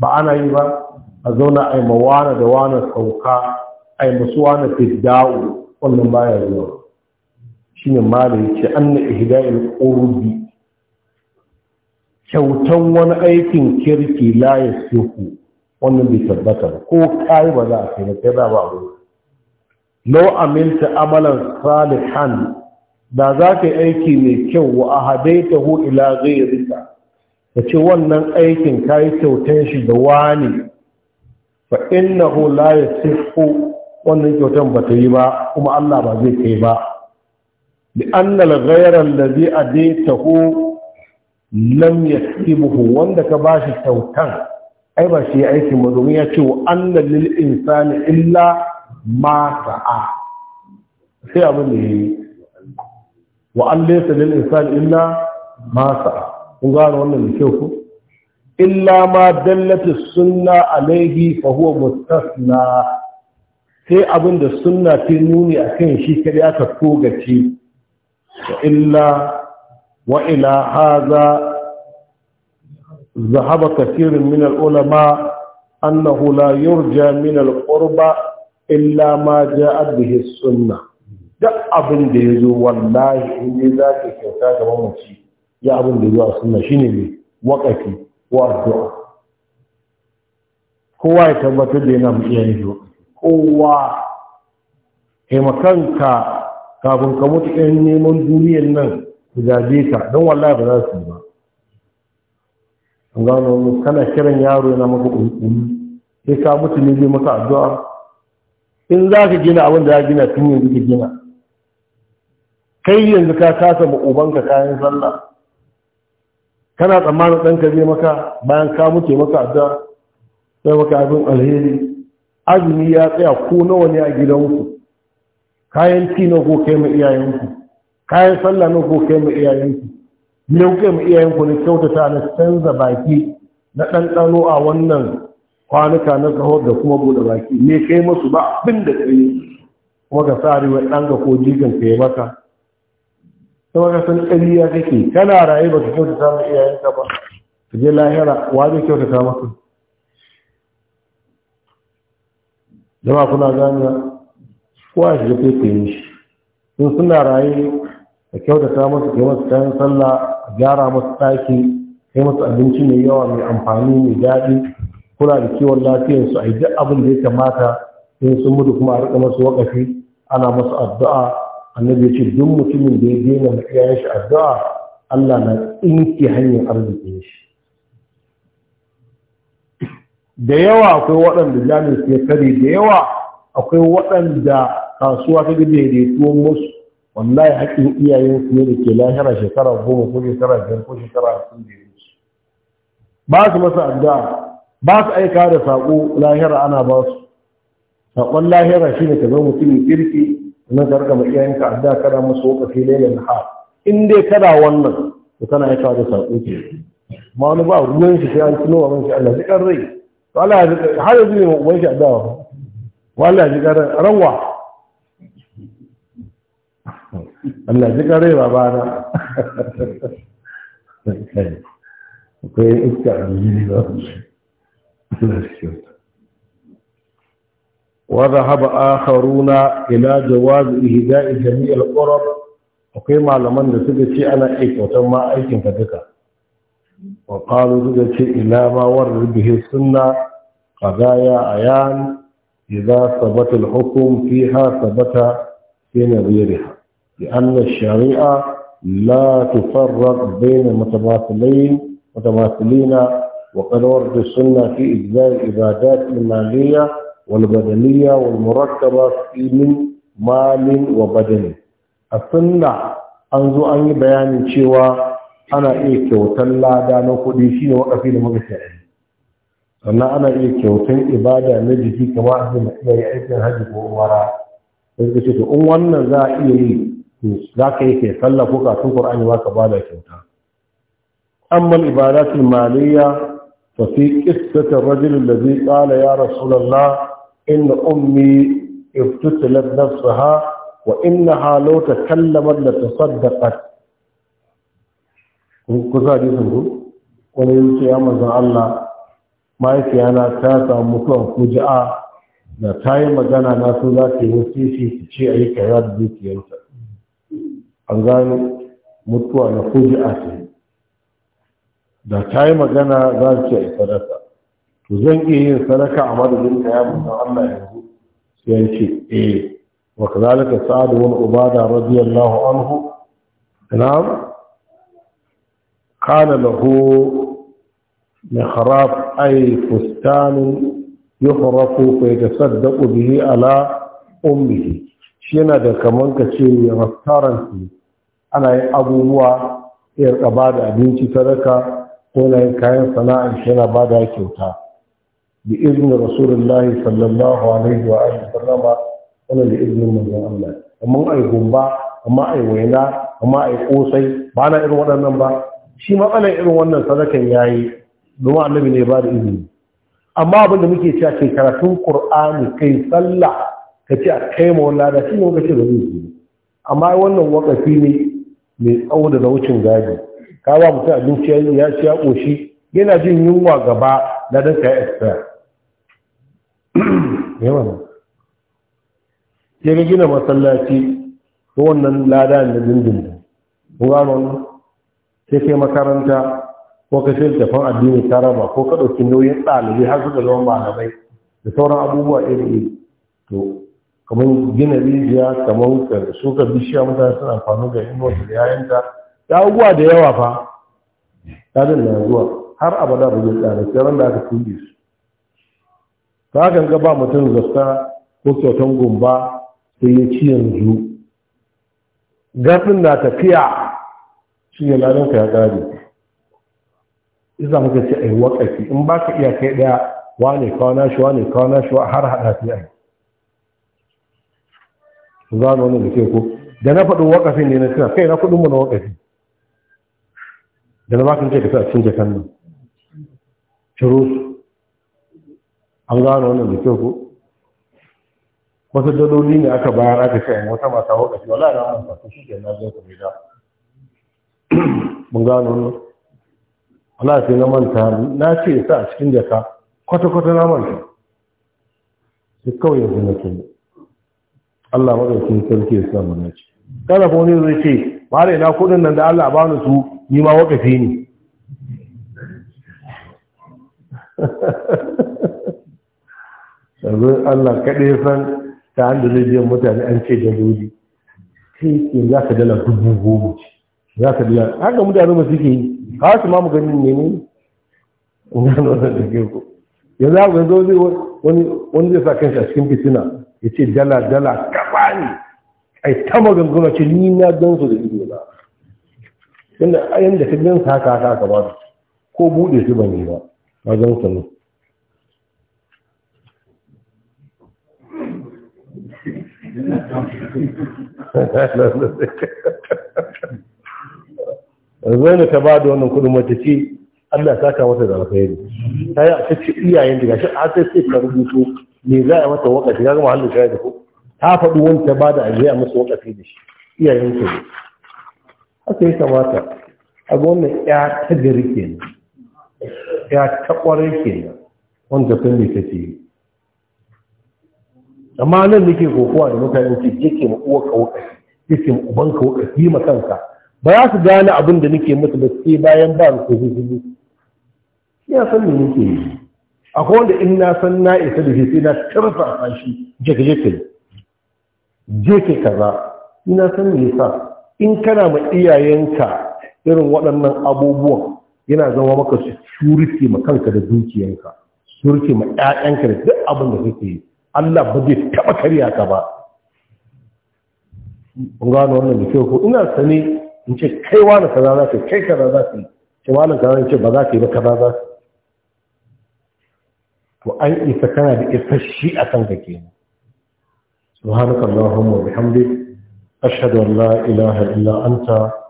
ba ana yi ba a zauna a yi mawana da wana sauka a yi masu wana da'u wannan baya zuwa shi ne mara ya ce an na ihda'il ƙorubi kyautan wani aikin kirki la ya suku wannan bai tabbatar ko kayi ba za a kai kai ba ba abu law aminta amalan salihan da za ka yi aiki mai kyau wa a ahadaitahu ila rika ka ce wannan aikin yi kyautan shi da wani fa innahu la yasihu wannan kyautan ba ta yi ba kuma Allah ba zai kai ba bi annal ghayra alladhi adaytahu lam yasibuhu wanda ka bashi kyautan ai ba shi aiki ba domin ya ce wa annal lil insani illa ma sa'a sai abin da yayi wa an laysa lil insani illa ma sa'a kun gano wannan da kyau ko illa ma dallata sunna alaihi fa huwa mustasna sai abin sunna ta nuni a kan shi kadai aka kogace wa illa wa ila haza ذهب كثير من العلماء أنه لا يرجى من القربة إلا ما جاءت به السنة abin da ya zo wallahi in yi za kyauta ga mamaci ya abin da ya zo a suna shi ne wakafi ko kowa ya tabbatar da yana iya yin du'a kowa taimakanka kafin ka mutu ɗan neman duniyan nan su gaje ka don wallahi ba za su yi ba an gano kana kiran yaro yana maka ƙulƙulu sai ka mutu ne zai maka addu'a in za ka gina abin da ya gina tun yanzu ka gina kai yanzu ka kasa ma ubanka kayan sallah kana tsammanin ɗanka zai maka bayan ka muke maka adda sai maka abin alheri azumi ya tsaya ko nawa ne a gidanku kayan ci na ko kai ma iyayenku kayan sallah na ko kai ma iyayenku me kuke ma iyayenku ne kyautata na canza baki na ɗanɗano a wannan kwanuka na kaho da kuma buɗe baki ne kai masu ba abin da kai kuma ka sa riwa ɗanka ko jikin ka ya maka kuma ka san ya kake kana raye ba ka kyauta samun iyayenka ba ka je lahira wa zai kyauta ta maka jama kuna ganewa kowa ya shiga kwaikwayin shi sun suna raye ka kyauta ta masu kai masu kayan sallah a gyara masu ɗaki kai masu abinci mai yawa mai amfani mai daɗi kula da kiwon lafiyarsu a yi duk abin da ya kamata in sun mutu kuma a riƙa masu waƙafi ana masu addu'a annabi ya ce duk mutumin da ya daina ma iyayen shi addu'a Allah na tsinke hanyar arzikin shi da yawa akwai waɗanda jami'in su ya kare da yawa akwai waɗanda kasuwa ta gida daidaituwa musu wallahi haƙin iyayen su ne da ke lahira shekara goma ko shekara biyar ko shekara hamsin da ya wuce ba su masa addu'a ba su aika da saƙo lahira ana ba su saƙon lahira shine ka zama mutumin kirki na ka a ma iyayenka adda kana musu wakafi na haka. in dai kada wannan to tana aikawa da saƙo ke ma wani ba ruwan shi sai an tuno wa shi Allah jikar rai to Allah har yanzu ne ma uban shi adda wa wallahi zikar ranwa Allah jikar rai ba na akwai iska a jini ba Allah shi وذهب آخرون إلى جواز إهداء جميع القرب وقيم على من تجتي أنا إيك وتم إيك فتكا وقالوا تجتي إلى ما ورد به السنة قضايا عيان إذا ثبت الحكم فيها ثبت في نظيرها لأن الشريعة لا تفرق بين المتماثلين متماثلين وقد ورد السنة في إجزاء العبادات المالية والبدنية والمركبة في من مال وبدن السنة أنزو أن بيان شوى أنا إيه كوتن لا دانو قديشين وقفين مغسعين sannan ana iya kyautan ibada na jiki kama a zai iya yi aikin hajji ko umara sai ce to in wannan za a iya yi to za ka yi kai sallah ko kafin qur'ani ba ka bada kyauta amma ibadatul maliya fa fi qissati ar-rajul ya inna ummi iftutilat nafsaha wa innaha law da ta tasaddaqat ku za ji sun wani yace ya manzon Allah mahaifiyana ta samu mutuwar kuji'a da ta yi magana na so za ta yi wasu wasisi ta ce a yi kaza da dukiyarta an gano mutuwa na kuji'a ce da ta yi magana za ta ce a yi sadaka to zan iya yin sadaka a madadin ka ya mutu Allah yanzu sai ya ce eh wa kazalika sa'ad ibn ubada radiyallahu anhu na'am kana lahu mihrab ay fustan yuhrafu fa yatasaddaqu bihi ala ummihi shi yana da kaman ka ce restaurant ana yin abubuwa ya ba da abinci sadaka ko na yin kayan sana'a shi yana bada kyauta بإذن رسول الله صلى الله عليه وآله وسلم ولا بإذن من الله amma ai gumba amma ai waina amma ai kosai ba na irin waɗannan ba shi matsalar irin wannan sadakan yayi domin annabi ne ba da izini amma abin da muke cewa kai karatun Kur'ani kai sallah ka a kai ma wannan da shi ne kace ba zai yi amma wannan wakafi ne mai tsawo da wucin gadi ka ba mutum abinci ya ci ya koshi yana jin yunwa gaba na dan kai expert yawan gina masallaci ta wannan lada da dindin da gano sai kai makaranta ko ka sai tafan addini ta raba ko ka ɗauki nauyin ɗalibi har suka zama malamai da sauran abubuwa iri iri to kamar gina rijiya kamar ka bishiya mutane suna amfani yin inuwa da yayanta da abubuwa da yawa fa ta na zuwa har abada ba zai da sai ran da aka tuli su ta kan ga ba mutum zasta ko kyautan gumba sai ya ci yanzu gafin na tafiya shi ne ladanka ya gari iza muka ce ai wakafi in ba ka iya kai kawo wane kawana ne kawo kawana wa har haɗa fi ai za mu wannan da ke ko da na faɗin wakafi ne na tuna kai na kuɗin mu na wakafi da na ba ka ce ka sa cin jakan nan ciro su an gano wannan da kyau ko wasu daloli ne aka bayar aka ce wata mata shi wala da wani fata shi ke na zai kuma da mun gano wannan wala sai na manta na ce sa a cikin jaka kwata-kwata na manta sai kawai yanzu na tuni Allah madaukin sarki ya sa mana ce kada fa wani zai ce mare na kudin nan da Allah ba ni su ni ma wakafi ne yanzu Allah kaɗai san ta handa zai biyan mutane an ce da lodi sai ke za ka dala dubu goma za ka dala haka mutane ba suke yi a wasu ma mu gani ne ne gano wannan da ke ko yanzu haka yanzu wani wani zai sa kanshi a cikin fitina ya ce dala dala kafa ne ai ta maganganu ce ni na gan su da ido na yanda yanda ka gan haka haka ka ba ko bude su ba yi ba ka gan ne zaina ta ba da wannan kudin mace ce Allah ya saka mata da alkhairi ta yi a cikin iyayen da gashi a sai ka rubuto me za a mata wakati, ya gama halin shayar da ku ta faɗi wani ta ba da ajiya musu wakafi da shi iyayen ta ne haka ya kamata a ga wannan ya ta gari kenan ya ta kwarai kenan wanda kan ne ce yi amma nan nake kokowa da mutane ce kike mu uwa ka wuka kike mu uban ka wuka yi ma kanka ba za su gane abin da nake musu da sai bayan ba su hukumi ya san me nake yi akwai wanda in na san na isa da shi sai na tarfa shi je ka je ka yi kaza ina san me yasa in kana ma iyayenka irin waɗannan abubuwan yana zama maka surke ma kanka da dukiyanka surke ma ƴaƴanka da duk abin da kake yi Allah ba zai taɓa karya ka ba kun gano wannan da ko ina sani in ce kai wani kaza za ka kai kaza za ka ce wani kaza ce ba za ka yi ba kaza za su. to an isa kana da isasshi a kan kenan subhanakallahumma wa bihamdik ashhadu an la ilaha illa anta